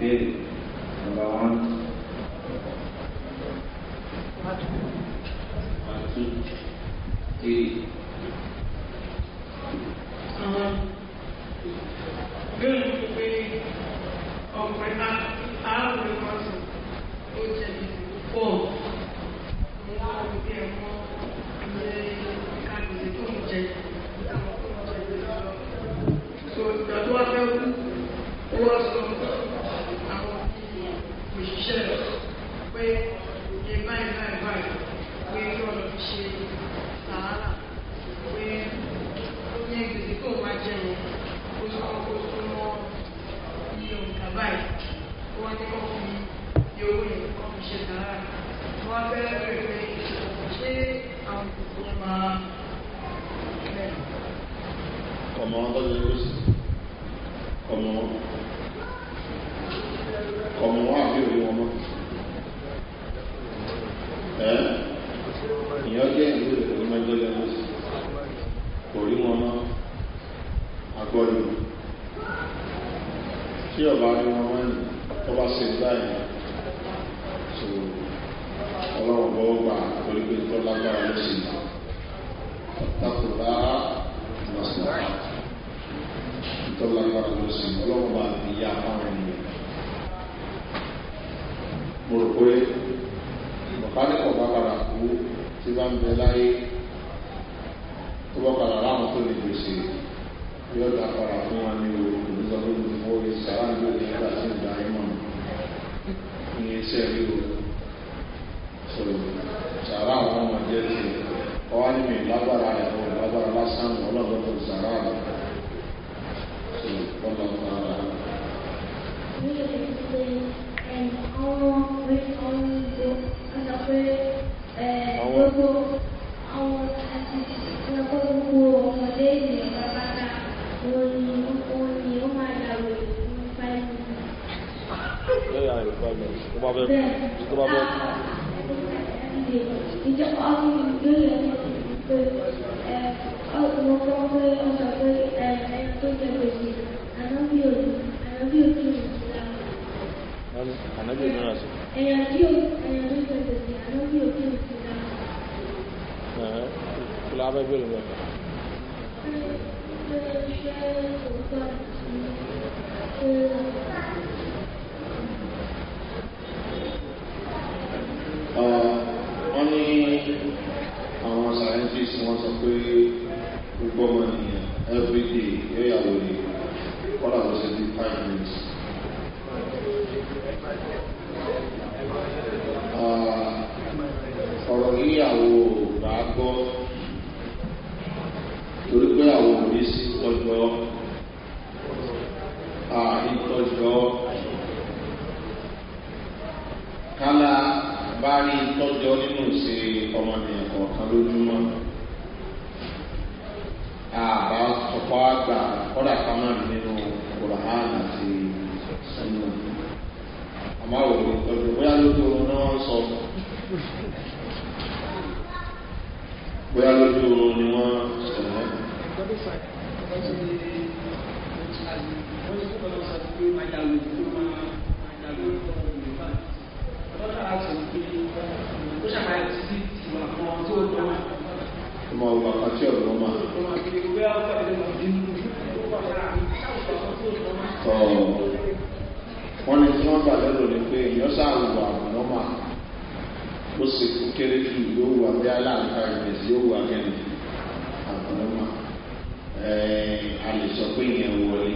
did it. Number one. gbọ́ ni tí ọba rí wọn wọ́n ní ọba ṣe báyìí tó ọlọ́run bọ́ gbà torí pé tó lágbára ló sì náà tako bá ìmọ̀sílá tó lágbára ló sì náà ọlọ́run bá fi yá àwọn ènìyàn mo rò pé mọ̀kálẹ́kọ̀ọ́ bá padà kú tí bá ń bẹ láyé tó bá padà láwọn tó lè gbèsè rẹ̀ yóò dá para fún wa ní òkú nígbà tó ti fọ́ orí sàrà ní òkú nígbà tí ó dá ìmọ̀ ní iṣẹ́ rí o sọ̀rọ̀ sàrà àwọn ọmọ jẹ́ ti ọwá ní mi lágbára rẹ̀ kó lágbára lásán ọlọ́dọ̀ tó sàrà rẹ̀ sọ̀rọ̀ ọlọ́dọ̀ tó sàrà rẹ̀. Àwọn gbogbo àwọn àti ìgbàgbọ́ gbogbo ọmọdé ìgbàgbọ́ tó bá fẹ́ tó bá fẹ́ ìjọba ọdún lórí ẹ̀kọ́ ọmọ ọmọ ọmọ pé ẹ̀ẹ́ tó jẹ gbèsè ànábì òní ànábì òní ìsìlámù. ànábì òní rà sí. ẹ̀yàn tí ó ẹ̀yàn tó jẹ gbèsè ànábì òní ìsìlámù. ẹ̀ẹ́ kí ló á fẹ́ bèrè àwọn ò bá gbọ́. òdodo ni wọ́n sọ ọmọ ọgbà àti ọ̀dọ́ máa. wọ́n ní tí wọ́n gbà lẹ́rọ ni pé èèyàn sáàrùwà àbùnọ́mà ó sì kéré jù yóò wà bí aláǹkà ìgbésí yóò wà kẹ́ni. Eh, a lè sọ pé yẹn wọlé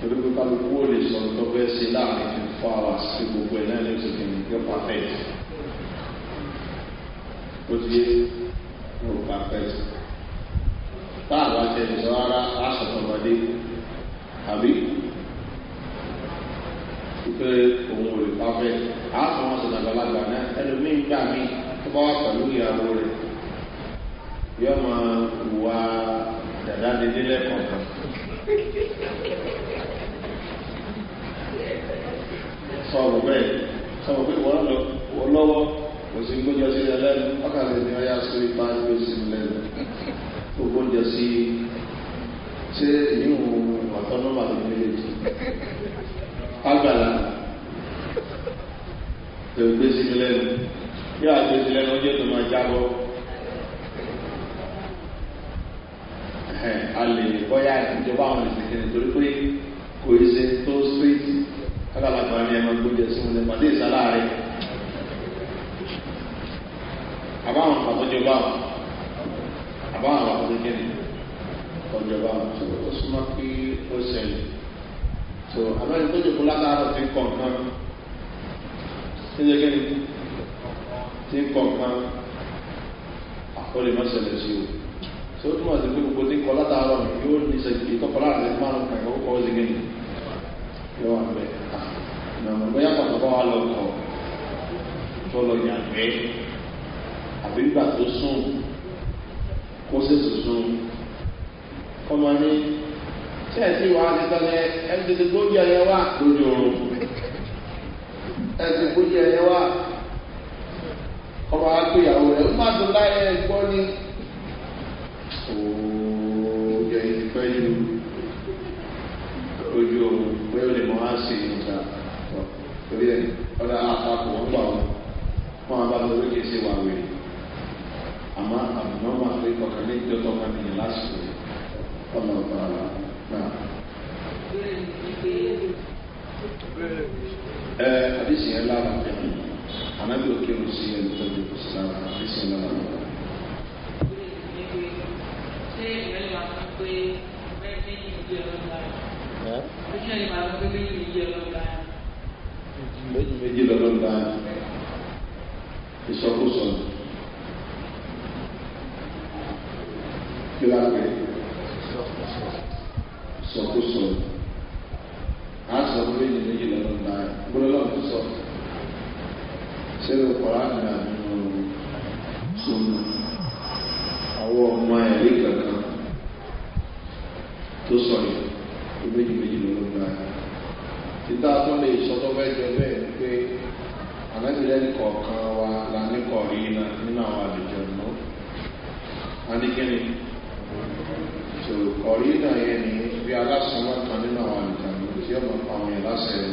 torí pé kálukú ò lè sọ tó bẹ́ẹ̀ ṣe láàrin twenty four hours tí gbogbo ẹ̀ náà lè tó kìnnì tá a bá tẹ̀ sọ ara aṣọ tọmọdé àbí pé òun ò lè pàfẹ́ àtúnwọ̀n sọ̀tàgbàlagbà náà ẹlòmíín gbà mí tó bá wà pẹ̀lú ìyàwó rẹ̀ yọ máa wà dàda dédé lẹ́kọ̀ọ́ kan. sọ̀rọ̀ bẹ́ẹ̀ sọ̀rọ̀ pé wọ́n lọ wọ́n lọ́wọ́ kò sí gbójọ sí ẹlẹ́nu ọkàlẹ̀ ni ọya sọ ipá ní oṣù lẹ́nu tó gbójọ sí ṣé èyí ò ọ̀tọ́ nọ́mbà tó Agbala lè gbé sí lẹ́nu yóò àgbé sí lẹ́nu ó tó máa jábọ́. a lè bọ́yá ìjọba àwọn ìsìnkiri torí pé kò í ṣe tó street kálábàgbà ni ẹmọ gbójẹ sí wọn lẹ́pàá dé ìsálà rẹ̀ àbáwọn àtọ́jọba àbáwọn àtọ́jọba ọjọba tó ó súnmọ́ pé ó ṣẹlẹ̀ tó àbáyé tó jòkó látàárọ̀ ti ń kọ̀ nǹkan tí ń jẹ́gẹ́ni ti ń kọ̀ nǹkan mọ́ṣẹ̀lẹ̀ sí o tí ó túmọ̀ sí pé gbogbo tí kọ látàárọ̀ yóò ní sẹ́yìn ìtọ́kọ láàrin márùn-ún kàkọ́ kọ́ ó segin yóò wà bẹ́ẹ̀ ìmọ̀ bóyá pàtó bá wà lọ kọ̀ tó lọ yàn bẹ́ àbí gbà tó sùn kó sèso sùn kọ́ máa ní tí ẹ̀ sì wà á ti tẹ́lẹ̀ ẹ̀ ti ti gbójú ẹ̀yẹ wà lórí oorun ẹ̀ ti gbójú ẹ̀yẹ wà ọba àgbéyàwó rẹ̀ ó má to méjì méjì lọ́dọ̀ ń bá ìsọkúsọ kí lápẹ́. àmẹ́lẹ́lẹ́ nìkan kan wa la nìkan rí nínú àwọn àlejò náà wọ́n ní kíni tó kọ̀rí náà yẹn ni bí alásùnmọ́ kan nínú àwọn àlejò náà tí ọmọ pa àwọn yẹn lásẹ̀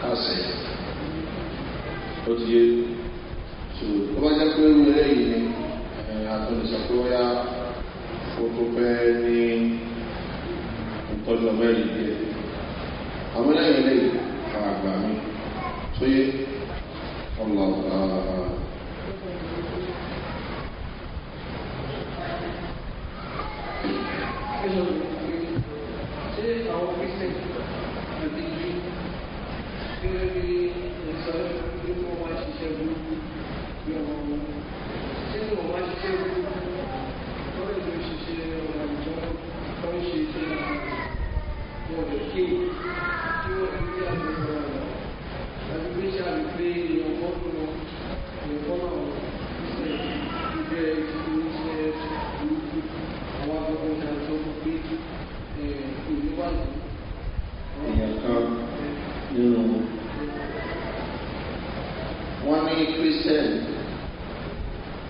kásẹ̀ ó ti yé tó ó bá jẹ́ pé ó lé yìí ni àtúnṣe eh, pé ó yá ó tó fẹ́ ní ìtọ́jú ọmọ ẹ̀yìn díẹ̀ àwọn ẹlẹ́yìn lè fa àgbà mi tó yé. Allah Thank you. èèyàn kan nínú wọn ní christian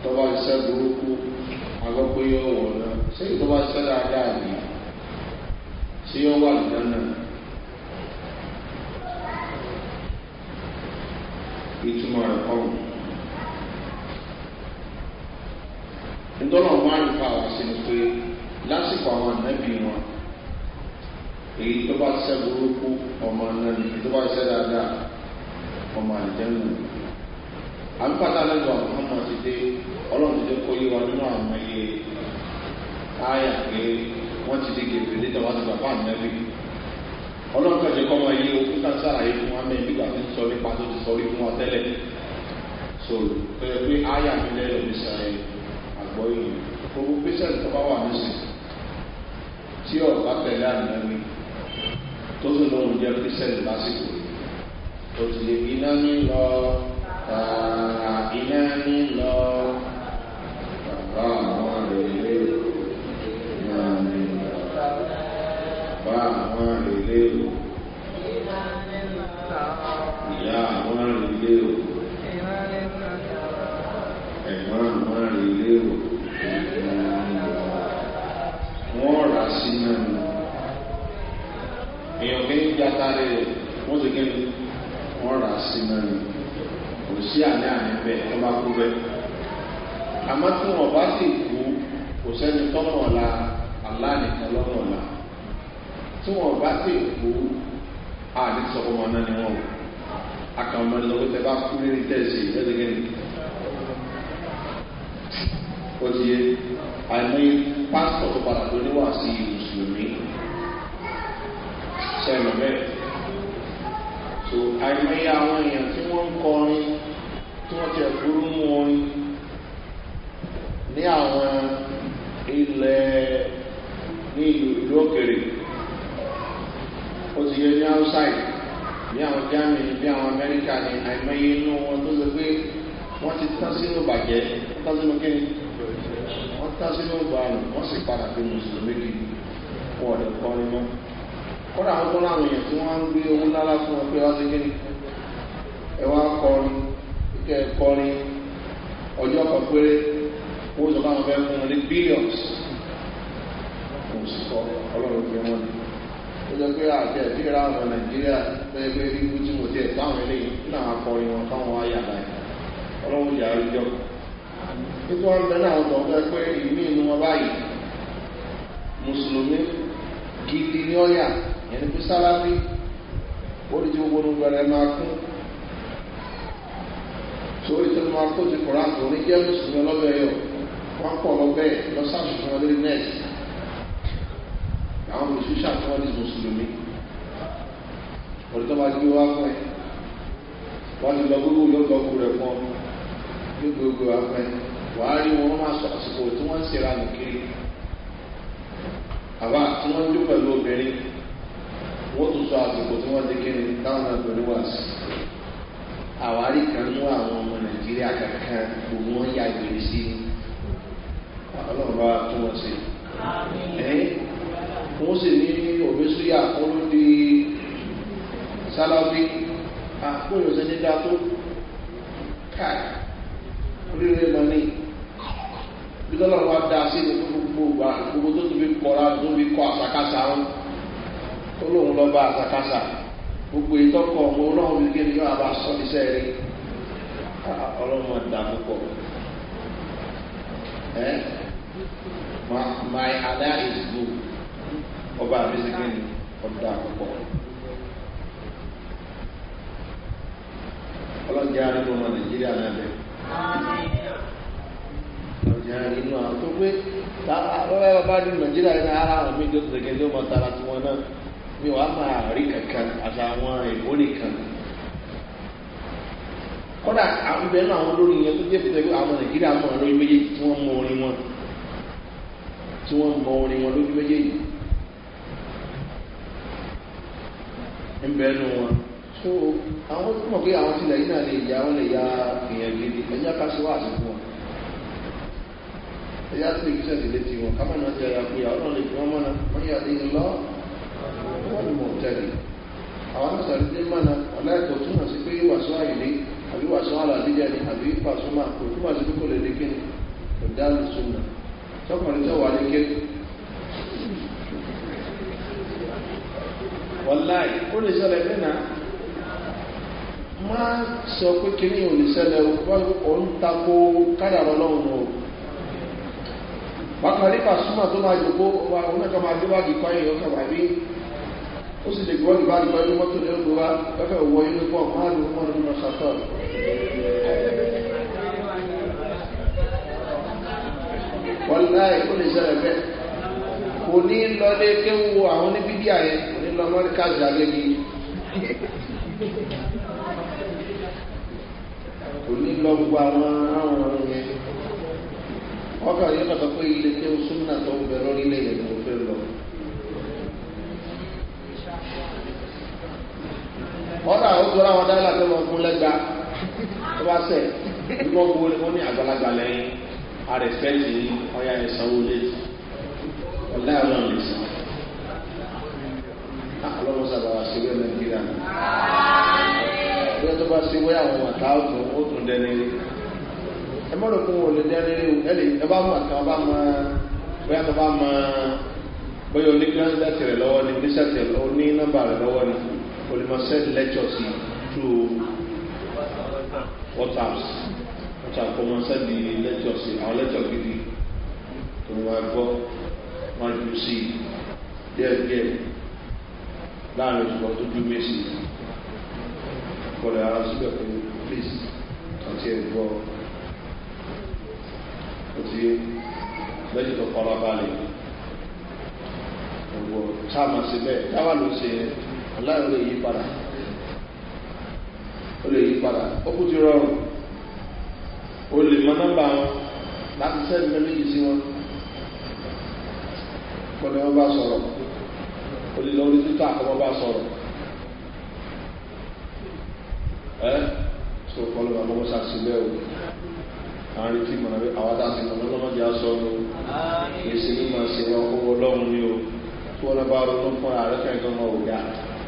tọba iṣẹ burúkú agbọpọ yóò wọ náà ṣé ìtọba iṣẹ dáadáa ni ṣé yóò wà lùdá náà ìtumọ̀ rẹ̀ kọ́ọ̀mù. ànábì wọn èyí tó bá ṣẹ́ burúkú ọmọ ànábì tó bá ṣẹ́ dáadáa ọmọ àjẹmù àǹpàtà lẹ́gbọ̀n muhammad ti dé ọlọ́run ti kó yé wa nínú àwọn ẹyẹ táyà pé wọ́n ti di gèpè níta wá sí bàbá ànábì ọlọ́run kọ̀jẹ́ kọ́ máa yé okú tá sàlàyé fún wa mẹ́rin nígbà tí ń sọ nípa tó ti sọ rí fún wa tẹ́lẹ̀ so pé pé áyà mi lẹ́yìn òbí sàlẹ̀ àgbọ̀ yìí gbogbo pẹ́sẹ̀ tó bá wà nísìnyí tí ọ̀gá tẹ̀lé ànáwí tó tún lóun jẹ́ kírísẹ́lì lásìkò òtún iná ní lọ iná ní lọ bàbá àwọn àrèlé iná ní lọ bàbá sẹ́ni tọ́nà ọ̀la aláàlìkan lọ́nà ọ̀la tí wọ́n bá sì kú àti sọ̀rọ̀ wọn náà ni wọ́n wò àkànmọ́ ni lọ́wọ́ tẹ bá kú lórí tẹ̀sí lẹ́dẹ̀gẹ́ ni. ó ti yẹ àìmọye pásítọ̀ tó padà tó níwà sí mùsùlùmí sẹ́nu bẹ́ẹ̀ so àìmọye àwọn èèyàn tí wọ́n ń kọrin tí wọ́n ti ẹ̀kúrú mú orin ní àwọn ilẹ̀ ní ìlú òkèrè ó ti yẹ ní outside bí àwọn germany bí àwọn america ní àìmọye inú wọn tó ṣe pé wọ́n ti tán sínú bàjẹ́ wọ́n tán sínú kíni wọ́n tán sínú bàrùn wọ́n sì padà pé mùsùlùmí kì wọ́n ọ̀dọ̀ kọrin mọ́ kọ́dà àwọn tó láwọn èèyàn tí wọ́n ń gbé owó lálá fún wọn pé wá sí kíni ẹ wá kọrin kẹ ọjọ́ kan péré owó sọ fáwọn fẹ́ fún wọn ní billions kò sí kọ́ ọlọ́run fi wọn ni ó jẹ́ pé àti ẹ̀bí ra àwọn nàìjíríà bẹ́ẹ̀ pé irú tí mo tiẹ̀ táwọn eléyìí nínú àwọn akọrin wọn káwọn wá yàrá ẹ̀ ọlọ́run yà á jọ nítorí wọn bẹ́ẹ̀ náà sọ fẹ́ pé ìmí inú wọn báyìí mùsùlùmí gidi ní ọ̀yà yẹn ní pé sálábí ó di tí gbogbo gbẹrẹ máa kún sórí tí wọn máa kó ti kọ̀ọ̀rọ̀ àtọ̀ oníjẹ́ mùsùlùmí ọlọ́bẹ̀ yọ̀ wọ́n pọ̀ lọ bẹ́ẹ̀ lọ́sàtúnṣe wọn lórí nẹ́ẹ̀sì àwọn mùsùlùmí ṣàtúnwọ́n ní mùsùlùmí olùtọ́ bá ti gbé wá fún ẹ wọ́n ti lọ gbogbo yóò gbọ́gbó rẹ̀ fún ọ yóò gbogbo wá fún ẹ wàá rí wọn máa sọ àsìkò tí wọ́n ń ṣera nù kiri àbá tí wọ́n ń jó pẹ̀lú obìnrin wọ́n tún sọ àsìkò tí wọ́n ti kiri táwọn obìnrin wà sí àwárí kan mú àwọn ọmọ nàìjíríà kankan gbogbo wọn yà gbèrè sí i ọlọ́run bá tún wọn sí wọ́n sì ní òbísúyà olódi sálábí àpòyọ̀ sẹ́ni dá tó káì oríire mọ́ ní bílọ́lọ́ wa dá sí ní gbogbo ìgbà gbogbo tó ti fi pọ̀ra tó fi kọ́ àsakásá wọn tó lóun lọ bá àsakásá gbogbo ìtọ́kọ̀ ọmọ ọlọ́run ní kí ni yóò bá sọ iṣẹ́ rẹ ah, ọlọ́run ọ̀dà púpọ̀ My, my Allah is good. Ọba àbísíkì ni ọ̀dà akwụkwọ. Ọlọ́jà ọmọ Nàìjíríà àwọn bàbá ní Nàìjíríà ara àwọn ní ọmọ tara tiwọn náà. Mi wàá máa rí kankan àti àwọn nìkan àwọn náà àwọn yẹn tó àwọn nàìjíríà méjèèjì tí tí wọ́n mọ orin wọn lójú méjèèjì ń bẹ ẹnu wọn so àwọn tó mọ̀ pé àwọn tilẹ̀ yìí náà lè ya wọn lè ya èèyàn gidi ẹ̀yà ká sí wáàsí fún wọn ẹ̀yà sí ìgbésẹ̀ sí létí wọn ká mọ̀nà ti ẹ̀yà pé àwọn náà lè fi wọn mọ̀nà wọ́n yà lè lọ wọ́n lè mọ̀ tẹ́lẹ̀ àwọn náà sàrí dé mọ̀nà ọ̀la ẹ̀kọ́ túmọ̀ sí pé wàásù àyèlé àbí wàásù àlàdíjẹ ni àbí pàṣọ máa kò túmọ̀ sí tọkùnrin tó wà ní kéèkù wọláì ó lè sẹlẹ̀ nínà máa sọ pé kíní ò lè sẹlẹ̀ ó ń tako kádàrọ̀ lọ́wọ́ o bákan nípa súnmọ̀ tó máa jòkó wa ó mẹ́ta máa gbé báàgì kọ́ ẹ̀yọ́ kẹwàá bí ó sì lè gbọ́ ní báàgì kọ́ ẹ̀yọ́ mọ́tò ní ọgbọ́n wa lọ́fẹ̀ẹ́ wọ inú pọ̀ máa lò ó mọ́ nínú ṣàtọ̀ wàlúwàá ìkúni sẹlẹ̀ bẹ́ẹ̀ kò ní lọlé kéwu àwọn oníbíbíà yẹn kò ní lọ mọ́ríkà zàlẹ́bí kò ní lọ gbogbo àwọn àwọn ọ̀rọ̀ yẹn ọkọ̀ yẹn kọ̀tọ̀ pé ilé kéwu súnmọ́ tó ń bẹ lórí ilé yẹn ló fẹ́ lọ. ọ̀dà ó gbọ́dọ̀ àwọn dáhùn àti ọmọ ọkùnrin lẹ́gbàá ó bá sẹ̀ gbogbo ni wọ́n ní àgbàlagbà lẹ́yìn. àrẹ̀fẹ́tì ọ̀yà ìsanwó lé ọ̀lá àwọn lè sàn. Àkọlọ́wọ́ sábàá sí wẹ́ Nàìjíríà. Bẹ́ẹ̀ tó bá sí wẹ́ àwọn àtà ọ̀tún ó tún dẹ́ni rí. Ẹ má rò pé wọ́n lè dẹ́ni rí o. Ẹ bá mọ àtà bá mọ bóyá tó bá mọ bóyá onígbàndàtì rẹ̀ lọ́wọ́ ni oníṣàtì rẹ̀ lọ́wọ́ ní nọ́mbà rẹ̀ lọ́wọ́ ni olùmọ̀sẹ́ lẹ́tọ̀ sí through WhatsApp ṣàkómọ́sẹ́ di lẹ́tọ̀ọ̀sì àwọn lẹ́tọ̀ọ̀ gidi tó wá gbọ́ wọ́n ju sí díẹ̀díẹ̀ láàrin òṣùpá tó ju méjì kọlẹ̀ ara síbẹ̀ pé please àti ẹ̀gbọ́ àti lẹ́yìn tó fara balẹ̀ ọ̀gbọ̀ táàmà síbẹ̀ dáwà ló ṣe aláìwọ̀ lè yí padà ó lè yí padà ó kú ti rọrùn o lè mọ nọ́mbà wọn láti sẹ́ni pé méjì sí wọn kọ́ni wọn bá sọ̀rọ̀ o lè lọ orí títà kọ́ wọn bá sọ̀rọ̀ ẹ́ tó kọ́ni wọn bọ́ sá sílẹ̀ o àárín tí màá rí àwọn àti màá lọ́nà máa jẹ́ aṣọ ni èsì ní màá ṣe wọn kó ọlọ́run ní o tí wọ́n bá ronú fún ààrẹ kẹ́kẹ́ ọmọ ògá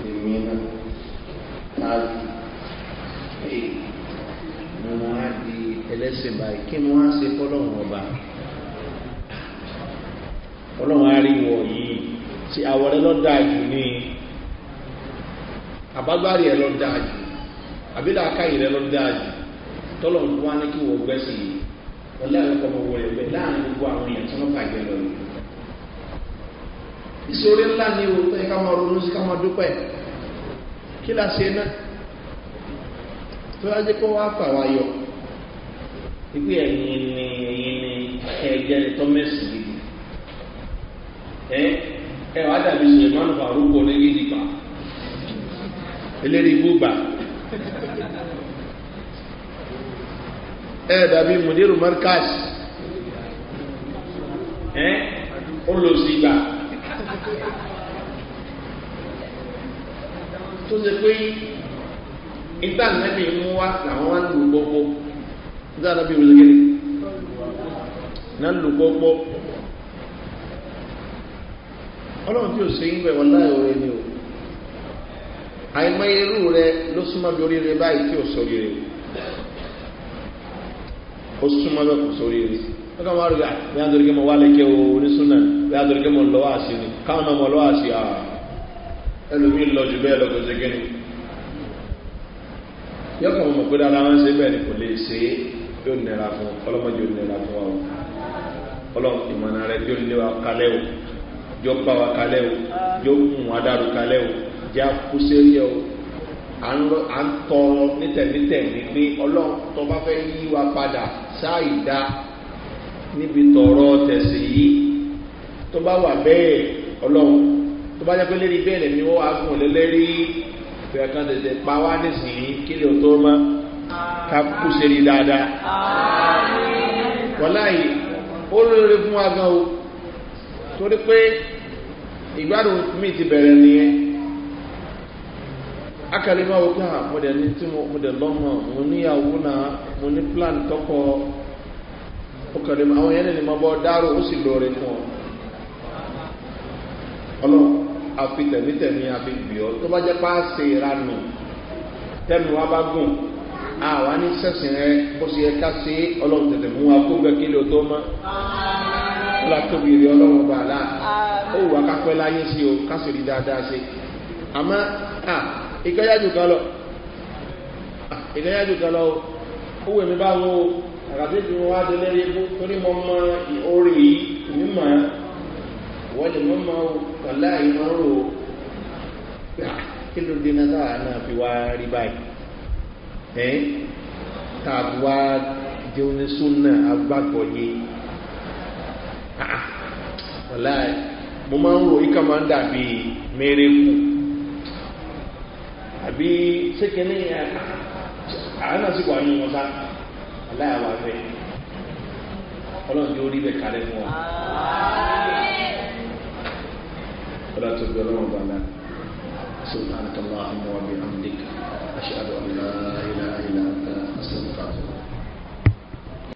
èmi náà ẹlẹ́sìn báyìí kí ni wọ́n á ṣe fọ́lọ́run ọba ọlọ́run á rí wọ̀ yìí tí àwọ̀rẹ́ lọ́ dáa jù ní àbágbárí ẹ̀ lọ́ dáa jù àbílẹ̀ akáyì rẹ̀ lọ́ dáa jù tọ́lọ̀ ń wá ní kí wọ́n gbẹ́sì yìí wọ́n láàrin ọkọ̀ ọmọ wọlé bẹ́ẹ̀ láàrin gbogbo àwọn èèyàn tí wọ́n bàjẹ́ lọ yìí. ìṣòro ńlá ni o pé ká máa ronú sí ká máa dúpẹ́ kí la ṣe náà tó yá jẹ́ kó wá fà wá yọ ibi ẹ̀yin ni ẹ̀yin ni ẹ̀jẹ̀ ni tọ́mẹ́sì gidi ẹ ẹ wàá dàbí sulemanu faruku onígidi gbà eléyìí gbúgbà ẹ dàbí mudiru markas ẹ olùsìgbà tó ṣe pé ìtàn nẹ́bí mú wa làwọn á lù gbogbo dáadáa bí wọ́n gẹ́gẹ́ náà lù pọ́pọ́ ọlọ́run tí ò sí ń bẹ̀ wọ́n láì orí ni o àìmọ́ irú rẹ ló súnmọ́ bí oríire báyìí tí ò sórí rẹ ó súnmọ́ bẹ́ẹ̀ kò sórí rẹ ọkàn wá rí à ah, bí a ń dorí gẹ́mọ̀ wá lẹ́kẹ́ o onísúnà bí a ń lọ́wọ́ àṣì ni káwọn ọmọ lọ́wọ́ àṣì à ah, ẹlòmí lọ jù bẹ́ẹ̀ lọ́kọ̀ yọkàn mọ̀ pé dáadáa wọ́n ṣe bẹ́ẹ̀ ni kò lè ṣe é yóò nira fún ọlọ́mọdé yóò nira fún wa o ọlọ́run ìmọ̀nà rẹ yóò lé wa kalẹ́ o yóò bá wa kalẹ́ o yóò mú wa dàrú kalẹ́ o jẹ́ àkúsẹ́rí o à ń tọrọ nítẹ̀mítẹ̀mí pé ọlọ́run tó bá fẹ́ yí wa padà sáì dá níbi tọrọ tẹ̀sí yìí tó bá wà bẹ́ẹ̀ ọlọ́run tó bá jẹ́ pé lérí bẹ́ẹ̀ lẹ́mí wọ́n á gùn lé lérí pé ẹ̀kan tètè pa wá nísìnyí kí lè tó máa. kàkú ṣe rí dáadáa wọ́láyìí ó fún o torí pé ìgbádùn mi ti bẹ̀rẹ̀ nìyẹn akẹ́lẹ́ máa wọ́pẹ́ à mo dẹ̀ ní tí mo dẹ̀ lọ́mọ mo níyàwó náà mo plan tọ́kọ ọkọ̀lẹ́ máa àwọn yẹn ní mo bọ́ dárò ó sì lóore fún ọ ọlọ́run àfi tẹ̀mítẹ̀mí àfi gbìọ́ tó bá jẹ́ pàṣẹ ìranù tẹ́nu àwa ah, ní sẹ́sìn rẹ bó ṣe yẹ ká ṣe ọlọ́run tẹ̀lé mú wa kó gbẹ kílò tó mọ́ ọlá tóbi rí ọlọ́run bá àlá ó wà kápẹ́ láyé sí o ká sì rí dáadáa ṣe àmọ́ à ìkẹ́yàjù kan lọ ìkẹ́yàjù kan lọ ó wèmí bá wo àgàtí tí wọ́n wá délé yébú torí mọ́ mọ́ orí yìí mímọ́ wọ́n lè mọ́ mọ́ wọ́n láàyè mọ́ rò kí ló dé náà náà fi wá rí báyìí t'a tàbá dị onísúnà agbágbọ̀yé ọ̀lá ah, mo ma ń ro ika ma ń dàbí mẹ́rẹ́kù àbí sékẹ́ ní ah, àánà sí wà ní wọn sá aláyàwó fẹ́ ọlọ́run yóò rí bẹ̀ kalẹ̀ fún wa ọlọ́run tó gbé ọlọ́run bá أشهد أن لا إله إلا أنت أستغفرك